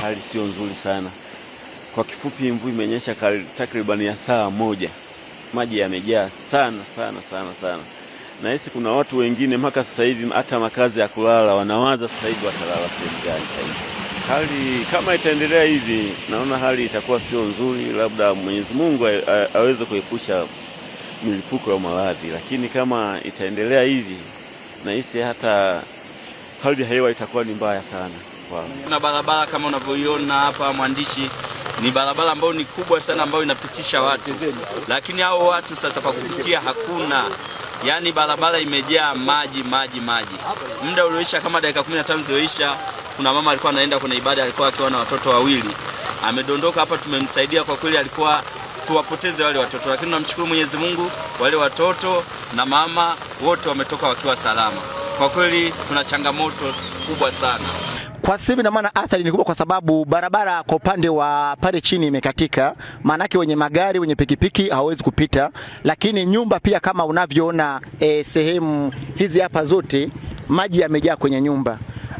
hali sio nzuri sana. Kwa kifupi, mvua imenyesha takribani ya saa moja, maji yamejaa sana sana sana sana. Nahisi kuna watu wengine mpaka sasa hivi hata makazi ya kulala wanawaza sasa hivi watalala sehemu gani. Hali kama itaendelea hivi, naona hali itakuwa sio nzuri, labda Mwenyezi Mungu aweze kuepusha milipuko ya maradhi, lakini kama itaendelea hivi, nahisi hata hali ya hewa itakuwa ni mbaya sana. Na barabara kama unavyoiona hapa mwandishi, ni barabara ambayo ni kubwa sana, ambayo inapitisha watu, lakini hao watu sasa pa kupitia hakuna, yaani barabara imejaa maji maji maji. Muda ulioisha kama dakika 15 zilizoisha, kuna mama alikuwa anaenda kwenye ibada, alikuwa akiwa na watoto wawili, amedondoka hapa, tumemsaidia kwa kweli, alikuwa tuwapoteze wale watoto, lakini namshukuru Mwenyezi Mungu, wale watoto na mama wote wametoka wakiwa salama. Kwa kweli tuna changamoto kubwa sana. Kwa sasa na maana athari ni kubwa, kwa sababu barabara kwa upande wa pale chini imekatika, maanake wenye magari, wenye pikipiki hawawezi kupita, lakini nyumba pia kama unavyoona e, sehemu hizi hapa zote maji yamejaa kwenye nyumba.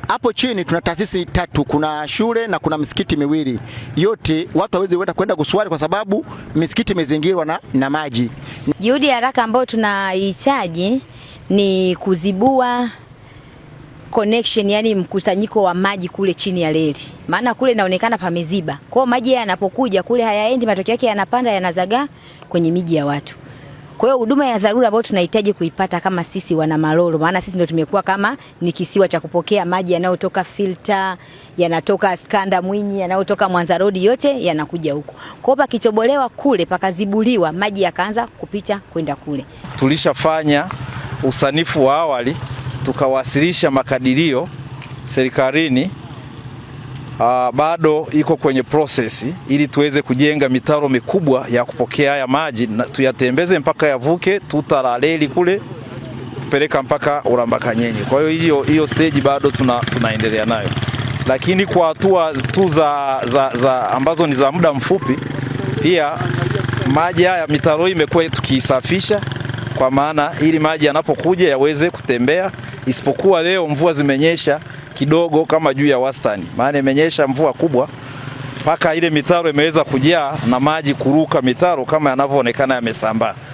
Hapo chini tuna taasisi tatu, kuna shule na kuna misikiti miwili, yote watu hawezi kwenda kuswali kwa sababu misikiti imezingirwa na, na maji. Juhudi ya haraka ambayo tunahitaji ni kuzibua connection, yani mkusanyiko wa maji kule chini ya reli, maana kule inaonekana pameziba. Kwa hiyo maji yanapokuja kule hayaendi, matokeo yake yanapanda, yanazagaa kwenye miji ya watu. Kwa hiyo huduma ya dharura ambayo tunahitaji kuipata kama sisi wana Malolo, maana sisi ndio tumekuwa kama ni kisiwa cha kupokea maji yanayotoka filter, yanatoka Skanda Mwinyi, yanayotoka Mwanza Road, yote yanakuja huko. Kwa hiyo pakichobolewa kule, pakazibuliwa, maji yakaanza kupita kwenda kule. Tulishafanya usanifu wa awali tukawasilisha makadirio serikalini. Ah, bado iko kwenye prosesi ili tuweze kujenga mitaro mikubwa ya kupokea haya maji na tuyatembeze mpaka yavuke tuta la reli kule kupeleka mpaka Urambakanyenye. Kwa hiyo hiyo hiyo stage bado tuna, tunaendelea nayo, lakini kwa hatua tu za, za, za ambazo ni za muda mfupi. Pia maji haya mitaro imekuwa tukiisafisha kwa maana ili maji yanapokuja yaweze kutembea isipokuwa leo mvua zimenyesha kidogo kama juu ya wastani, maana imenyesha mvua kubwa mpaka ile mitaro imeweza kujaa na maji kuruka mitaro kama yanavyoonekana yamesambaa.